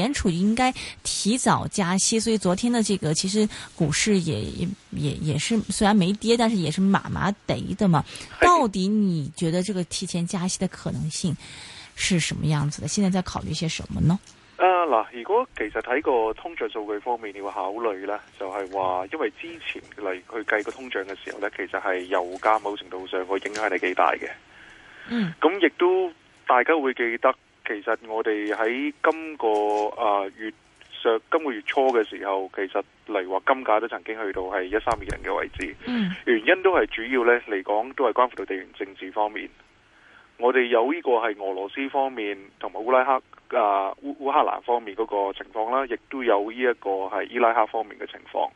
聯儲應該提早加息，所以昨天的這個其實股市也也也也是，雖然沒跌，但是也是麻麻哋的嘛。是到底你覺得這個提前加息的可能性是什麼樣子的？現在在考慮些什麼呢？呃嗱，如果其實睇個通脹數據方面，你會考慮呢，就係、是、話，因為之前嚟去計個通脹嘅時候呢，其實係油價某程度上會影響你幾大嘅。嗯，咁亦都大家會記得。其實我哋喺今個月啊月上今個月初嘅時候，其實嚟話金價都曾經去到係一三二零嘅位置，嗯、原因都係主要呢嚟講都係關乎到地緣政治方面。我哋有呢個係俄羅斯方面同埋烏拉克啊烏烏克蘭方面嗰個情況啦，亦都有呢一個係伊拉克方面嘅情況。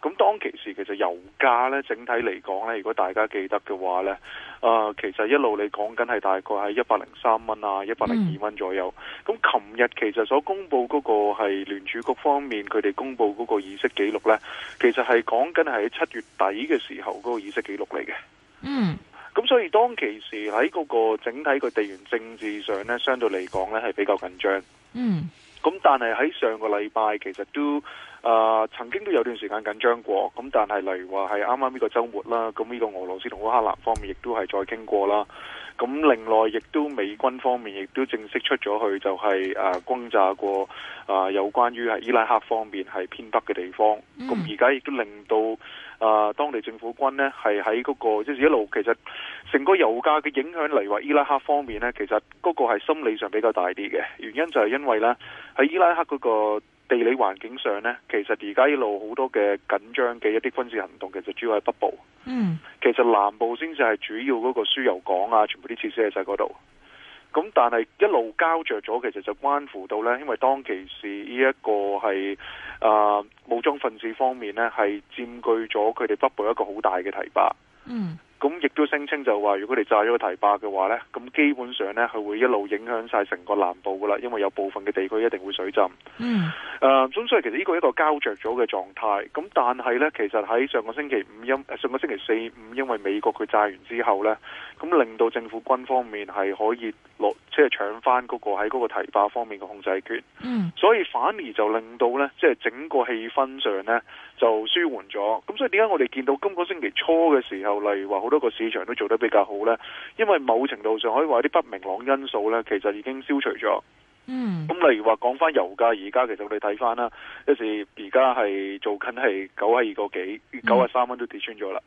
咁當其時，其實油價咧整體嚟講咧，如果大家記得嘅話咧，誒、呃，其實一路嚟講緊係大概係一百零三蚊啊，一百零二蚊左右。咁、嗯，琴日其實所公布嗰個係聯儲局方面佢哋公布嗰個議息記錄咧，其實係講緊係喺七月底嘅時候嗰個議息記錄嚟嘅。嗯。咁所以當其時喺嗰個整體個地緣政治上咧，相對嚟講咧係比較緊張。嗯。咁但係喺上個禮拜，其實都。啊、呃，曾經都有段時間緊張過，咁但係例如話係啱啱呢個周末啦，咁呢個俄羅斯同烏克蘭方面亦都係再傾過啦，咁另外亦都美軍方面亦都正式出咗去、就係，就係啊轟炸過啊、呃、有關於係伊拉克方面係偏北嘅地方，咁、嗯、而家亦都令到啊、呃、當地政府軍呢係喺嗰個即係、就係、一路其實成個油價嘅影響嚟話伊拉克方面呢，其實嗰個係心理上比較大啲嘅原因就係因為呢喺伊拉克嗰、嗰個。地理環境上呢，其實而家一路好多嘅緊張嘅一啲軍事行動，其實主要係北部。嗯，其實南部先至係主要嗰個輸油港啊，全部啲設施喺晒嗰度。咁但係一路膠着咗，其實就關乎到呢，因為當其時呢一個係、呃、武裝分子方面呢，係佔據咗佢哋北部一個好大嘅堤壩。嗯。咁亦都聲稱就話，如果你炸咗個堤壩嘅話呢，咁基本上呢，佢會一路影響晒成個南部噶啦，因為有部分嘅地區一定會水浸。嗯、mm. 呃。誒，咁所以其實呢個一個膠着咗嘅狀態。咁但係呢，其實喺上個星期五因上個星期四五因為美國佢炸完之後呢，咁令到政府軍方面係可以落即係、就是、搶翻嗰個喺嗰個堤壩方面嘅控制權。嗯。Mm. 所以反而就令到呢，即、就、係、是、整個氣氛上呢。就舒緩咗，咁所以點解我哋見到今個星期初嘅時候，例如話好多個市場都做得比較好呢？因為某程度上可以話啲不明朗因素呢，其實已經消除咗。嗯。咁例如話講翻油價，而家其實我哋睇翻啦，一時而家係做緊係九啊二個幾，九啊三蚊都跌穿咗啦。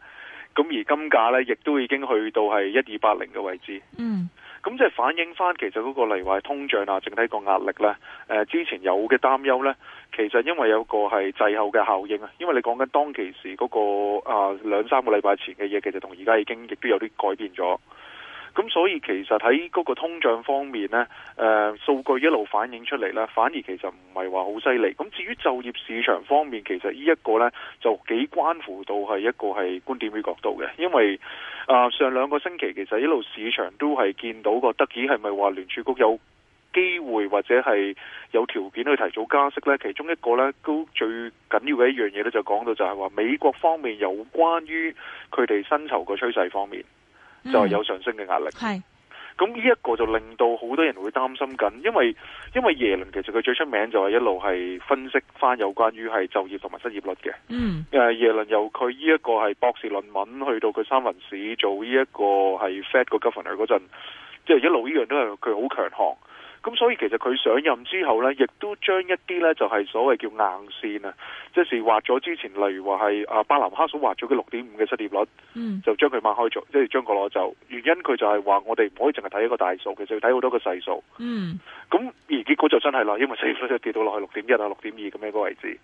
咁、mm. 而金價呢，亦都已經去到係一二八零嘅位置。嗯。Mm. 咁即係反映翻，其實嗰個例如話通脹啊，整體個壓力呢。呃、之前有嘅擔憂呢，其實因為有個係滯後嘅效應啊，因為你講緊當其時嗰個啊兩三個禮拜前嘅嘢，其實同而家已經亦都有啲改變咗。咁所以其實喺嗰個通脹方面咧，誒、呃、數據一路反映出嚟咧，反而其實唔係話好犀利。咁至於就業市場方面，其實呢一個咧就幾關乎到係一個係觀點與角度嘅，因為啊、呃、上兩個星期其實一路市場都係見到個得意，係咪話聯儲局有機會或者係有條件去提早加息咧？其中一個咧都最緊要嘅一樣嘢咧就講到就係話美國方面有關於佢哋薪酬嘅趨勢方面。就係有上升嘅壓力，咁呢一個就令到好多人會擔心緊，因為因為耶倫其實佢最出名就係一路係分析翻有關於係就業同埋失業率嘅，嗯，uh, 耶倫由佢呢一個係博士論文去到佢三藩市做呢一個係 Fed 個 Governor 嗰陣，即係一路呢樣都係佢好強項。咁所以其實佢上任之後呢，亦都將一啲呢就係所謂叫硬線啊，即是劃咗之前，例如話係啊伯南克所劃咗嘅六點五嘅失業率，嗯，就將佢掹開咗，即係將佢攞走，原因佢就係話我哋唔可以淨係睇一個大數，其實要睇好多個細數，嗯，咁而結果就真係啦，因為失業率就跌到落去六點一啊六點二咁樣個個位置，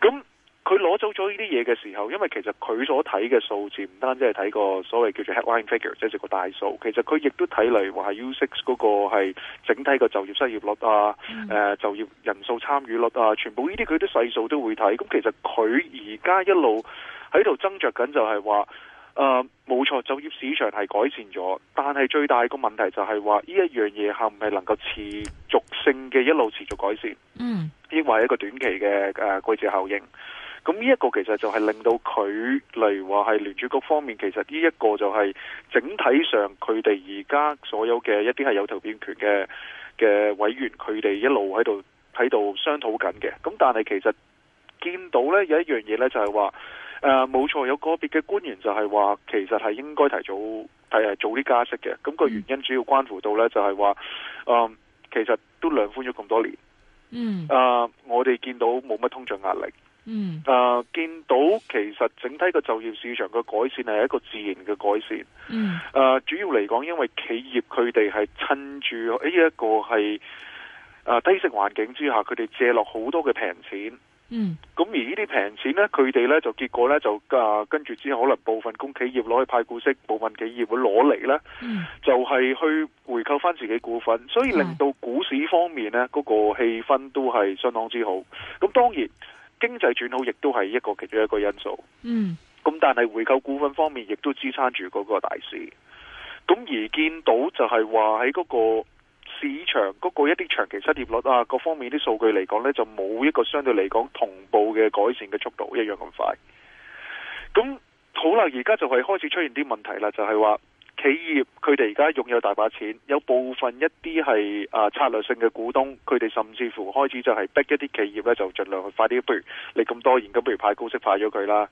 咁。佢攞走咗呢啲嘢嘅時候，因為其實佢所睇嘅數字唔單止係睇個所謂叫做 headline figure，即係個大數，其實佢亦都睇嚟話係 U6 嗰個係整體嘅就業失業率啊，誒、嗯呃、就業人數參與率啊，全部呢啲佢啲細數都會睇。咁、嗯、其實佢而家一路喺度掙扎緊就係話，誒冇錯就業市場係改善咗，但係最大個問題就係話呢一樣嘢係唔係能夠持續性嘅一路持續改善？嗯，亦或係一個短期嘅誒、呃、季節效應。咁呢一個其實就係令到佢嚟話係聯儲局方面，其實呢一個就係整體上佢哋而家所有嘅一啲係有投票權嘅嘅委員，佢哋一路喺度喺度商討緊嘅。咁但係其實見到呢有一樣嘢呢，就係話誒冇錯，有個別嘅官員就係話，其實係應該提早提係早啲加息嘅。咁、那個原因主要關乎到呢，就係話誒其實都量寬咗咁多年，嗯、呃，誒我哋見到冇乜通脹壓力。嗯、啊，見到其實整體個就業市場嘅改善係一個自然嘅改善。嗯，誒、啊，主要嚟講，因為企業佢哋係趁住呢一個係低息環境之下，佢哋借落好多嘅平錢。嗯，咁而呢啲平錢呢，佢哋呢就結果呢就誒、啊、跟住之後，可能部分工企業攞去派股息，部分企業會攞嚟呢，嗯、就係去回購翻自己股份，所以令到股市方面呢，嗰、嗯、個氣氛都係相當之好。咁當然。經濟轉好亦都係一個其中一個因素，嗯，咁但係回購股份方面亦都支撐住嗰個大市，咁而見到就係話喺嗰個市場，嗰個一啲長期失業率啊，各方面啲數據嚟講呢，就冇一個相對嚟講同步嘅改善嘅速度，一樣咁快，咁好啦，而家就係開始出現啲問題啦，就係話。企業佢哋而家擁有大把錢，有部分一啲係啊策略性嘅股東，佢哋甚至乎開始就係逼一啲企業咧，就盡量去快啲，不如你咁多現金，不如派高息派咗佢啦。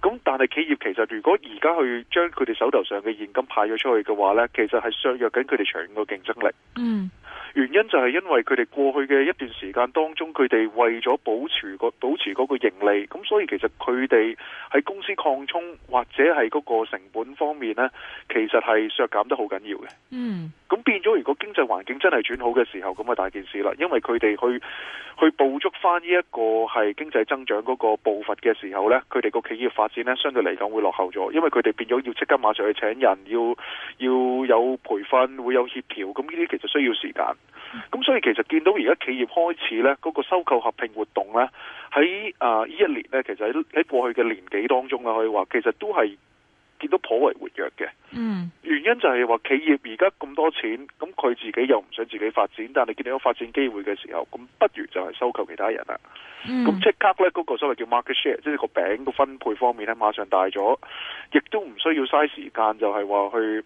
咁但係企業其實如果而家去將佢哋手頭上嘅現金派咗出去嘅話咧，其實係削弱緊佢哋長遠個競爭力。嗯。原因就係因為佢哋過去嘅一段時間當中，佢哋為咗保持個保持嗰個盈利，咁所以其實佢哋喺公司擴充或者係嗰個成本方面咧，其實係削減得好緊要嘅。嗯，咁變咗，如果經濟環境真係轉好嘅時候，咁啊大件事啦，因為佢哋去去捕捉翻呢一個係經濟增長嗰個步伐嘅時候咧，佢哋個企業發展咧相對嚟講會落後咗，因為佢哋變咗要即刻馬上去請人，要要有培訓，會有協調，咁呢啲其實需要時間。咁所以其實見到而家企業開始呢嗰、嗰個收購合併活動呢，喺啊呢一年呢，其實喺喺過去嘅年幾當中啊，可以話其實都係見到頗為活躍嘅。嗯、原因就係話企業而家咁多錢，咁佢自己又唔想自己發展，但係見到有發展機會嘅時候，咁不如就係收購其他人啦。咁即、嗯、刻呢嗰、嗰個所謂叫 market share，即係個餅嘅分配方面呢，馬上大咗，亦都唔需要嘥時間，就係話去。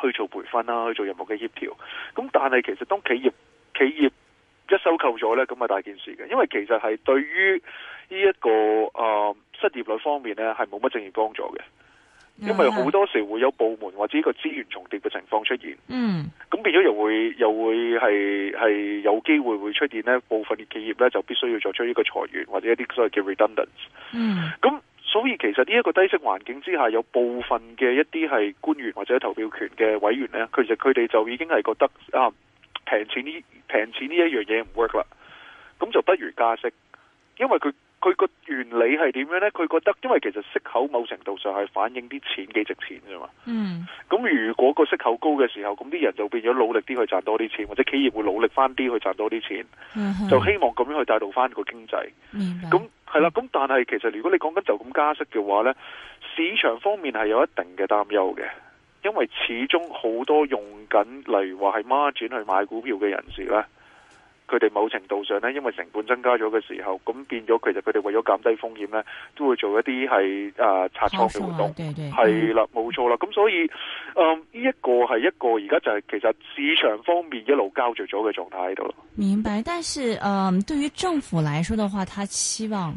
去做培訓啦，去做任務嘅協調。咁但係其實當企業企業一收購咗呢，咁啊大件事嘅，因為其實係對於呢、這、一個啊、呃、失業率方面呢，係冇乜正面幫助嘅。因為好多時候會有部門或者一個資源重疊嘅情況出現。嗯，咁變咗又會又會係係有機會會出現呢部分嘅企業呢，就必須要作出呢個裁員或者一啲所謂嘅 re、redundance。mm. 嗯，咁。所以其實呢一個低息環境之下，有部分嘅一啲係官員或者投票權嘅委員呢，其實佢哋就已經係覺得啊，平錢呢平錢呢一樣嘢唔 work 啦，咁就不如加息，因為佢佢個原理係點樣呢？佢覺得因為其實息口某程度上係反映啲錢幾值錢㗎嘛。嗯。咁如果個息口高嘅時候，咁啲人就變咗努力啲去賺多啲錢，或者企業會努力翻啲去賺多啲錢，嗯、哼就希望咁樣去帶動翻個經濟。明白。咁。係啦，咁但係其實如果你講緊就咁加息嘅話呢，市場方面係有一定嘅擔憂嘅，因為始終好多用緊，例如話係孖展去買股票嘅人士呢。佢哋某程度上咧，因為成本增加咗嘅時候，咁變咗其實佢哋為咗減低風險咧，都會做一啲係誒拆倉嘅活動，係、啊、啦，冇錯啦。咁所以，誒、呃、呢、這個、一個係一個而家就係其實市場方面一路交聚咗嘅狀態喺度咯。明白，但是嗯、呃，對於政府來說的話，他希望。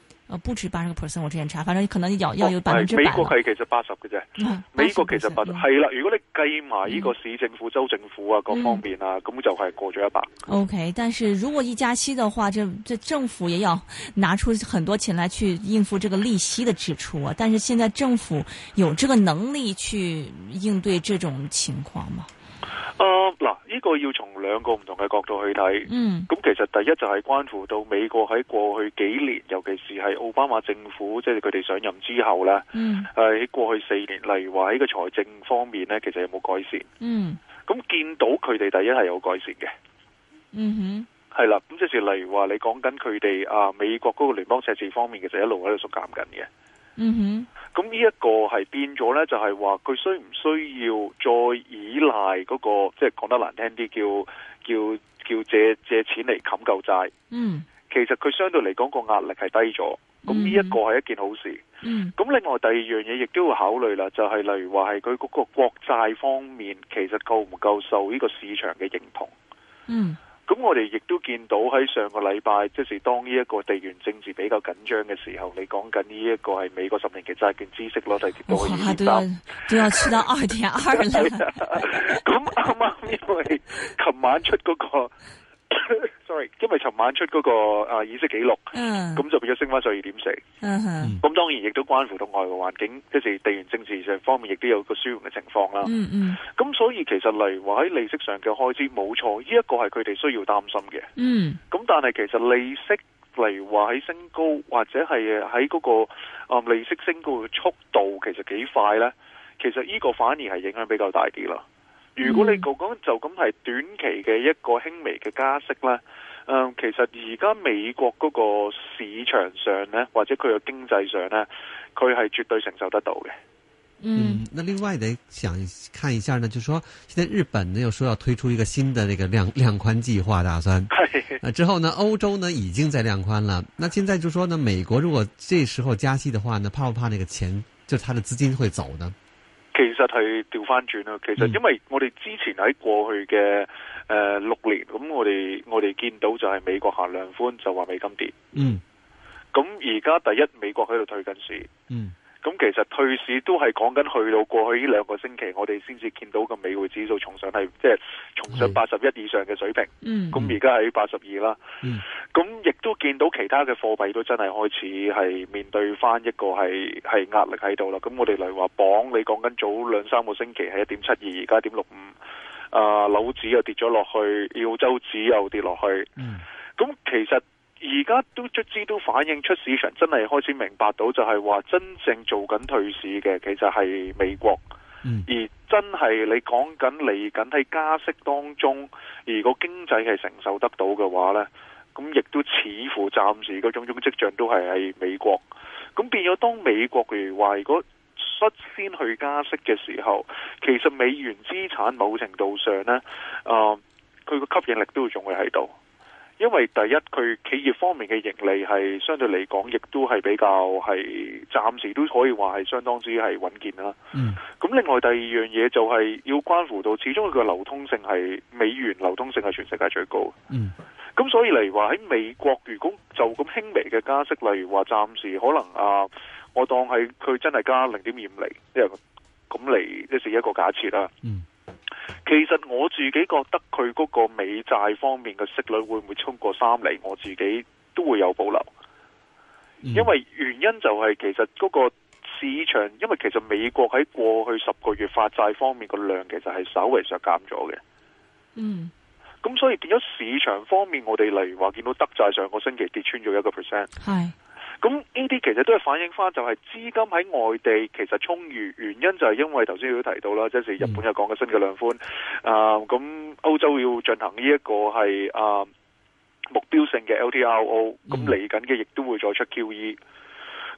呃，不止八十個 percent，我之前查，反正可能要要有百分之百。美國係其實八十嘅啫，美國其實八十。係啦、嗯嗯。如果你計埋呢個市政府、州政府啊各方面啊，咁、嗯、就係過咗一百。O、okay, K，但是如果一加息的話，這這政府也要拿出很多錢來去應付這個利息的支出啊。但是現在政府有這個能力去應對這種情況嗎？啊嗱，呢、uh, 個要從兩個唔同嘅角度去睇，咁、嗯、其實第一就係關乎到美國喺過去幾年，尤其是係奧巴馬政府，即係佢哋上任之後咧，喺、嗯啊、過去四年，例如話喺個財政方面咧，其實有冇改善？咁、嗯、見到佢哋第一係有改善嘅，嗯哼，係啦。咁即係例如話你講緊佢哋啊，美國嗰個聯邦赤字方面，其實一路喺度縮減緊嘅。嗯哼，咁呢、mm hmm. 一個係變咗呢，就係話佢需唔需要再依賴嗰、那個，即係講得難聽啲叫叫叫借借錢嚟冚舊債。嗯、mm，hmm. 其實佢相對嚟講個壓力係低咗，咁呢一個係一件好事。嗯、mm，咁、hmm. mm hmm. 另外第二樣嘢亦都要考慮啦，就係、是、例如話係佢嗰個國債方面，其實夠唔夠受呢個市場嘅認同？嗯、mm。Hmm. 咁我哋亦都見到喺上個禮拜，即、就係當呢一個地緣政治比較緊張嘅時候，你講緊呢一個係美國十年期債券孳息咯，第二都係跌多咗好多。都要去到二點二。咁啱啱因為琴晚出嗰、那個。 Sorry，因為尋晚出嗰，那個啊議息紀錄，咁、uh huh. 就變咗升翻十二點四，咁、uh huh. 當然亦都關乎到外圍環境，即係地緣政治上方面亦都有個紓緩嘅情況啦。咁、uh huh. 所以其實例如話喺利息上嘅開支冇錯，呢一個係佢哋需要擔心嘅。咁、uh huh. 但係其實利息例如話喺升高或者係喺嗰個啊、嗯、利息升高嘅速度其，其實幾快咧？其實呢個反而係影響比較大啲啦。如果你講講就咁係短期嘅一個輕微嘅加息啦。嗯，其實而家美國嗰個市場上呢，或者佢嘅經濟上呢，佢係絕對承受得到嘅。嗯，嗯那另外得想看一下呢，就是說，現在日本呢又說要推出一個新的那個量量寬計劃，打算是、呃。之後呢，歐洲呢已經在量寬了。那現在就說呢，美國如果這時候加息的話呢，呢怕不怕那個錢就它的資金會走呢？其實係調返轉啦，其實因為我哋之前喺過去嘅誒六年，咁我哋我哋見到就係美國行量寬就話美金跌，嗯，咁而家第一美國喺度退緊市，嗯。咁其實退市都係講緊去到過去呢兩個星期，我哋先至見到個美匯指數重上係即係重上八十一以上嘅水平。嗯、mm，咁而家喺八十二啦。嗯、mm，咁、hmm。亦都見到其他嘅貨幣都真係開始係面對翻一個係係壓力喺度啦。咁我哋例如話鎊，你講緊早兩三個星期係一點七二，而家一點六五。啊，紐紙又跌咗落去，澳洲紙又跌落去。嗯、mm，咁、hmm. 其實。而家都卒之都反映出市場真係開始明白到，就係話真正正做緊退市嘅其實係美國，嗯、而真係你講緊嚟緊喺加息當中，如果經濟係承受得到嘅話咧，咁亦都似乎暫時嗰種種跡象都係喺美國。咁變咗當美國譬如話如果率先去加息嘅時候，其實美元資產某程度上咧，誒佢個吸引力都仲會喺度。因為第一佢企業方面嘅盈利係相對嚟講，亦都係比較係暫時都可以話係相當之係穩健啦。嗯。咁另外第二樣嘢就係要關乎到始終佢嘅流通性係美元流通性係全世界最高。嗯。咁所以嚟話喺美國，如果就咁輕微嘅加息，例如話暫時可能啊，我當係佢真係加零點二五厘，因為咁嚟，即是一個假設啦。嗯。Mm. 其實我自己覺得佢嗰個美債方面嘅息率會唔會衝過三厘，我自己都會有保留。嗯、因為原因就係其實嗰個市場，因為其實美國喺過去十個月發債方面個量其實係稍微削減咗嘅。嗯，咁所以見咗市場方面，我哋例如話見到德債上個星期跌穿咗一個 percent，係。咁呢啲其實都係反映翻，就係資金喺外地其實充裕，原因就係因為頭先都提到啦，即係日本又講嘅新嘅量寬啊，咁歐洲要進行呢一個係啊目標性嘅 L T R O，咁嚟緊嘅亦都會再出 Q E，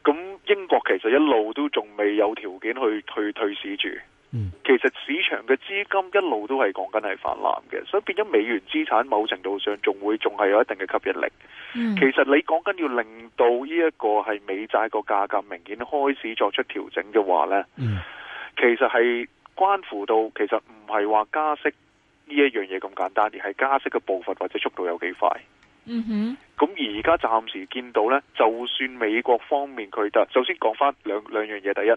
咁英國其實一路都仲未有條件去去退市住。嗯、其實市場嘅資金一路都係講緊係泛濫嘅，所以變咗美元資產某程度上仲會仲係有一定嘅吸引力。嗯、其實你講緊要令到呢一個係美債個價格明顯開始作出調整嘅話呢、嗯，其實係關乎到其實唔係話加息呢一樣嘢咁簡單，而係加息嘅步伐或者速度有幾快。嗯哼，咁而家暫時見到呢，就算美國方面佢就，首先講返兩兩樣嘢，第一，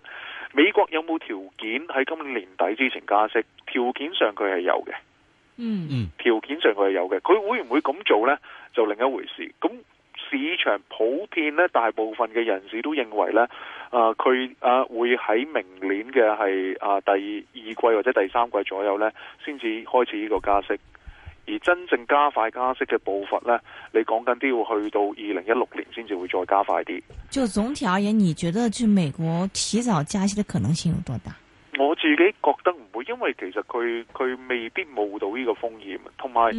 美國有冇條件喺今年底之前加息？條件上佢係有嘅，嗯嗯，條件上佢係有嘅，佢會唔會咁做呢？就另一回事。咁市場普遍呢，大部分嘅人士都認為呢，佢、呃、啊、呃、會喺明年嘅係啊第二,二季或者第三季左右呢，先至開始呢個加息。而真正加快加息嘅步伐呢，你講緊啲要去到二零一六年先至會再加快啲。就總體而言，你覺得去美國提早加息嘅可能性有多大？我自己覺得唔會，因為其實佢佢未必冒到呢個風險，同埋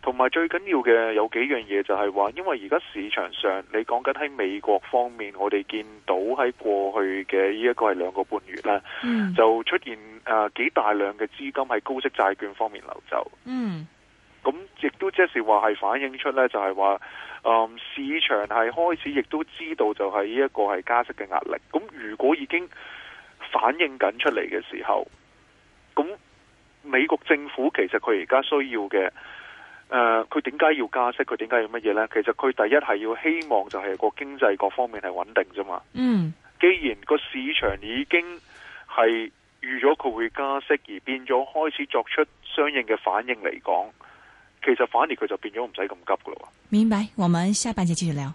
同埋最緊要嘅有幾樣嘢就係話，因為而家市場上你講緊喺美國方面，我哋見到喺過去嘅呢一個係兩個半月啦，嗯、就出現誒、呃、幾大量嘅資金喺高息債券方面流走。嗯。咁亦都即是話，係反映出咧，就係話，誒，市場係開始亦都知道就係呢一個係加息嘅壓力。咁如果已經反映緊出嚟嘅時候，咁美國政府其實佢而家需要嘅，誒、呃，佢點解要加息？佢點解要乜嘢咧？其實佢第一係要希望就係個經濟各方面係穩定啫嘛。嗯，既然個市場已經係預咗佢會加息，而變咗開始作出相應嘅反應嚟講。其實反而佢就變咗唔使咁急㗎喇，明白？我們下半節繼續聊。